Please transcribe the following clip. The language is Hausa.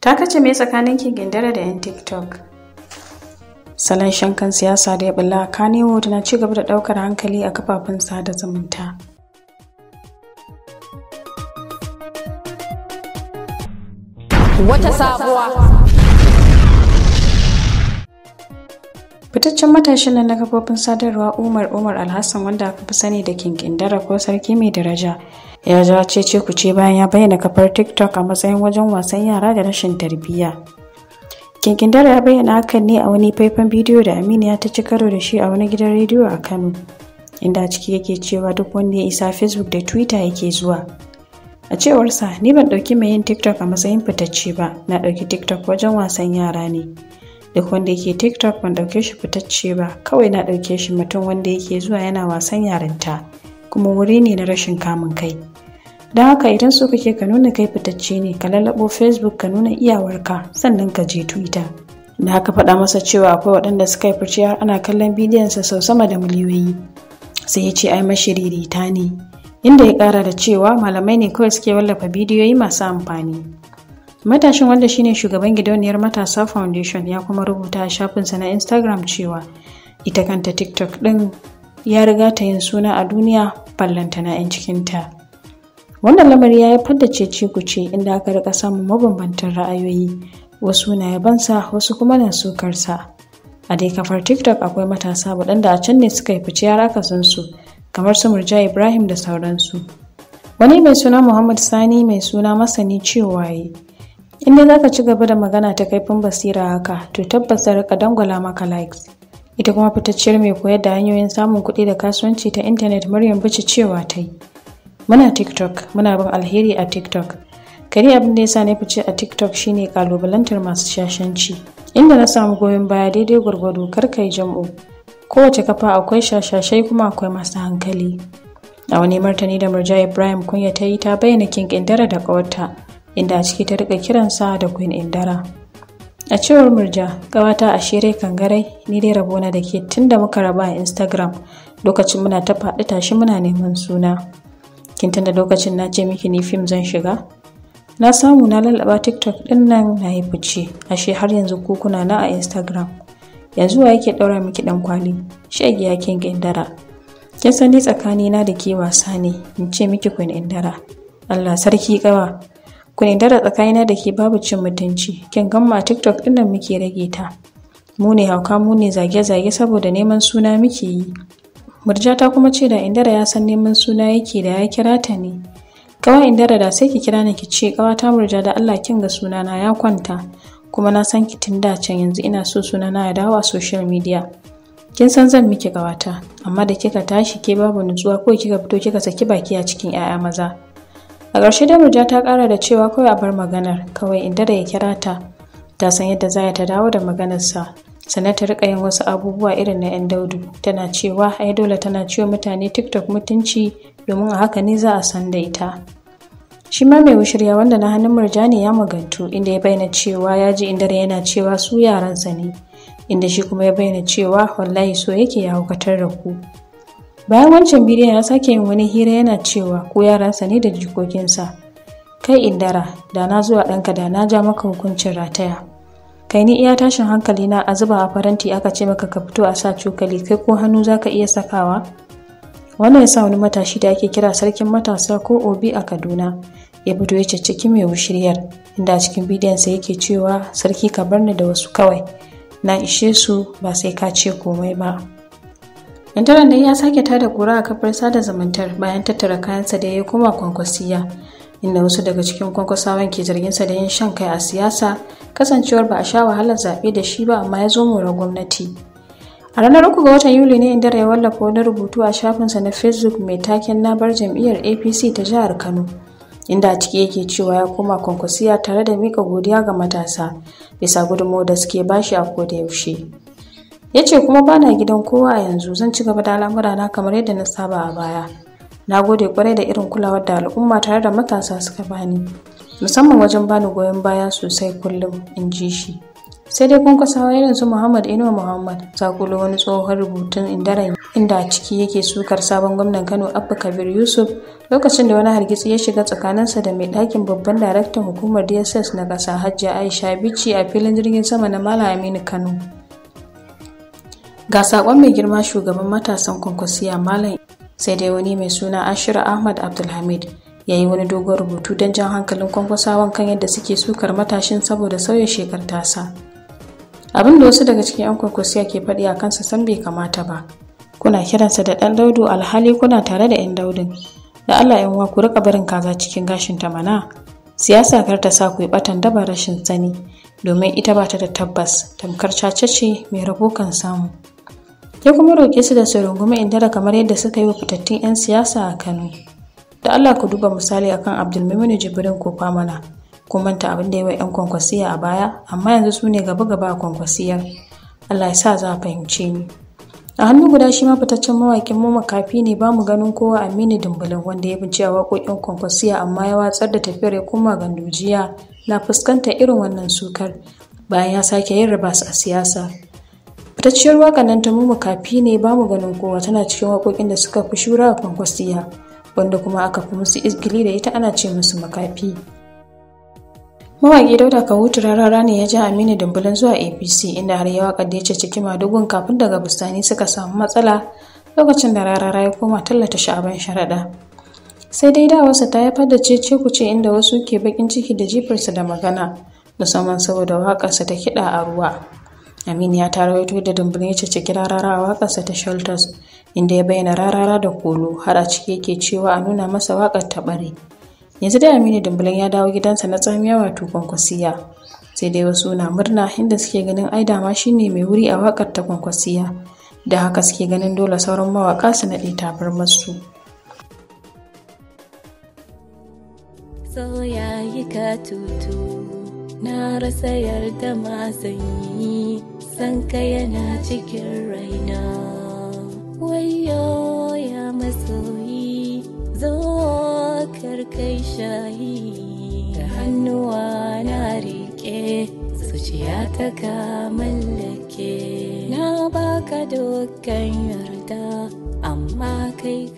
ta kace me tsakanin ki gindara da 'yan tiktok salon shankan siyasa da ya bulla a na ci gaba da daukar hankali a kafafen sada zumunta wata sabuwa fitaccen matashin nan na kafofin sadarwa umar umar alhassan wanda aka fi sani da kinkindara ko sarki mai daraja ya ja cece ce bayan ya bayyana kafar tiktok a matsayin wajen wasan yara da rashin tarbiyya kinkindara ya bayyana hakan ne a wani faifan bidiyo da aminu ya ta ci karo da shi a wani gidan rediyo a kano inda a ciki yake cewa duk wanda ya isa facebook da twitter yake zuwa a cewarsa ni ban ɗauki mai yin tiktok a matsayin fitacce ba na ɗauki tiktok wajen wasan yara ne duk wanda yake tiktok ban ɗauke shi fitacce ba kawai na ɗauke shi mutum wanda yake zuwa yana wasan yarinta kuma wuri ne na rashin kamun kai don haka idan so kake ka nuna kai fitacce ne ka lalabo facebook ka nuna iyawarka sannan ka je twitter da haka faɗa masa cewa akwai waɗanda suka fice har ana kallon bidiyonsa sau sama da miliyoyi sai ya ce ai mashiririta ne inda ya ƙara da cewa malamai ne kawai suke wallafa bidiyoyi masu amfani matashin wanda shine shugaban gidauniyar matasa foundation ya kuma rubuta a shafinsa na instagram cewa ita kanta tiktok ɗin ya riga ta yin suna a duniya na 'yan cikinta wannan lamari ya haifar ce ku kuce inda aka rika samun mabambantan ra'ayoyi wasu na yabansa wasu kuma na sukarsa a dai kafar tiktok akwai matasa waɗanda a can ne suka yi fice yara ka su kamar su murja ibrahim da sauransu wani mai suna muhammad sani mai suna masani cewa yi inda za ka ci gaba da magana ta kaifin basira haka to tabbas rika dangwala maka likes ita kuma fitacciyar mai koyar da hanyoyin samun kuɗi da kasuwanci ta intanet maryam bace cewa ta yi muna tiktok muna bin alheri a tiktok kari abin da ya sa na fice a tiktok shine kalubalantar masu shashanci inda na samu goyon baya daidai gwargwado kar kayi jam'u kowace kafa akwai shashashai kuma akwai masu hankali a wani martani da murja ibrahim kunya ta yi ta bayyana king indara da kawarta inda a ciki ta rika kiransa da queen indara a cewar murja gabata a shere kangarai ni dai rabona da ke tun da muka raba a instagram lokacin muna ta faɗi tashi muna neman suna kin tunda lokacin na ce miki ni fim zan shiga na samu na lalaba tiktok din nan na yi fice ashe har yanzu kukuna na a instagram yanzu wa yake ɗaura miki ɗan kwali shege ya kin indara kin sani tsakani na da ke wasa ne in ce miki kun indara allah sarki kawa ku ne da tsakanina da ke babu cin mutunci kin gamma tiktok din nan muke rage ta mu ne hauka mu ne zage-zage saboda neman suna muke yi murja ta kuma ce da indara ya san neman suna yake da ya kira ta ne kawai indara da sai ki kira ni ki ce kawa ta murja da allah kin ga sunana ya kwanta kuma na san kitin da can yanzu ina so sunana ya dawo a social media kin san zan miki gawata amma da kika tashi ke babu nutsuwa ko kika fito kika saki baki a cikin 'ya'ya maza a ƙarshe dai ta ƙara da cewa kawai a bar maganar kawai inda da ya kira ta ta san yadda za ta dawo da maganarsa sannan ta rika yin wasu abubuwa irin na 'yan daudu tana cewa ai dole tana ciwo mutane tiktok mutunci domin a haka ne za a san da ita shi ma mai wushirya wanda na hannun ne ya magantu inda ya bayyana cewa ya ji indare yana cewa su yaransa ne inda shi kuma ya bayyana cewa wallahi so yake ya haukatar da ku bayan wancan bidiyon ya sake yin wani hira yana cewa ko yaransa ne da jikokinsa kai indara da na zuwa ɗanka da na ja maka hukuncin rataya kai ni iya tashin hankali na a zuba a faranti aka ce maka ka fito a sa cokali kai ko hannu za ka iya sakawa wannan ya sa wani matashi da ake kira sarkin matasa ko obi a kaduna ya fito ya cicciki mai wushiryar inda a cikin bidiyonsa yake cewa sarki ka bar ni da wasu kawai na ishe su ba sai ka ce komai ba. daren dai ya sake tada kura a kafar sada zumuntar bayan tattara kayansa da ya yi koma kwankwasiya. Inda wasu daga cikin kwankwasawan ke zargin sa da yin shan kai a siyasa, kasancewar ba a sha wahalar zaɓe da shi ba amma ya zo mora gwamnati. A ranar uku ga watan Yuli ne Indira ya wallafa wani rubutu a shafinsa na Facebook mai taken na bar jam'iyyar APC ta jihar Kano. Inda a ciki yake cewa ya koma kwankwasiya tare da mika godiya ga matasa bisa gudunmawar da suke bashi a koda yaushe. ya ce kuma bana gidan kowa yanzu zan ci gaba da na kamar yadda na saba a baya na gode kwarai da irin kulawar da al'umma tare da matasa suka bani musamman wajen bani goyon baya sosai kullum in ji shi sai dai kun kasawa irin su muhammad inuwa muhammad zakulo wani tsohon rubutun indara inda a ciki yake sukar sabon gwamnan kano abba kabir yusuf lokacin da wani hargitsi ya shiga tsakaninsa da mai ɗakin babban daraktan hukumar dss na ƙasa hajji aisha bici a filin jirgin sama na malam aminu kano Ga sakon mai girma shugaban matasan kwankwasiya Malam sai dai wani mai suna Ashira Ahmad Abdulhamid ya yi wani dogon rubutu don jan hankalin kwankwasawan kan yadda suke sukar matashin saboda sauya shekar tasa. Abin da wasu daga cikin 'yan kwankwasiya ke faɗi a kansa san bai kamata ba. Kuna kiransa da ɗan daudu alhali kuna tare da 'yan daudin. Da Allah 'yan uwa ku rika barin kaza cikin gashin ta mana. Siyasa kar ta sa ku yi ɓatan daba rashin sani. domin ita ba ta da tabbas tamkar cace ce mai rabo kan samu ya kuma roke su da su rungumi indara kamar yadda suka yi wa fitattun 'yan siyasa a Kano. Da Allah ku duba misali akan Abdulmiminu Jibrin ko Famana, kun manta abin da ya wa 'yan kwankwasiya a baya, amma yanzu su ne gaba-gaba a kwankwasiyar. Allah ya sa za a fahimce ni. a hannu guda shi ma fitaccen mawakin mu makafi ne ba mu ganin kowa aminu dumbulin wanda ya bice a waƙoƙin kwankwasiya amma ya watsar da tafiyar ya koma gandujiya na fuskantar irin wannan sukar bayan ya sake yin rabas a siyasa fitacciyar waka nan ta muma kafi ne ba mu ganin kowa tana cikin waƙoƙin da suka fi shura a fankwasiya wanda kuma aka fi musu izgili da ita ana ce musu makafi mawaƙi dauda kawutu rarara ne ya ji aminu dumbulan zuwa apc inda har ya waƙar da ya ciki madugun kafin daga bustani suka samu matsala lokacin da rarara ya koma tallata sha'aban sharaɗa sai dai da dawarsa ta haifar da cece kuce inda wasu ke bakin ciki da jifarsa da magana musamman saboda waƙarsa ta kiɗa a ruwa ya ta rawaito da dumbulin ya ciki rarara a waƙarsa ta Shelters inda ya bayyana rarara da kolo har a ciki yake cewa a nuna masa waƙar ta bare. Yanzu dai Aminu dumbulin ya dawo gidansa na tsamiya wato kwankwasiya. Sai dai wasu na murna inda suke ganin ai dama shine mai wuri a waƙar ta kwankwasiya. Da haka suke ganin dole sauran mawaƙa su naɗe tabar masu. Soyayi tutu. na rasa yarda ma sanyi ka yana cikin raina wayo ya masoyi zo karkai shayi da hannuwa na riƙe zuciya ta ka mallake na baka dukkan yarda amma kai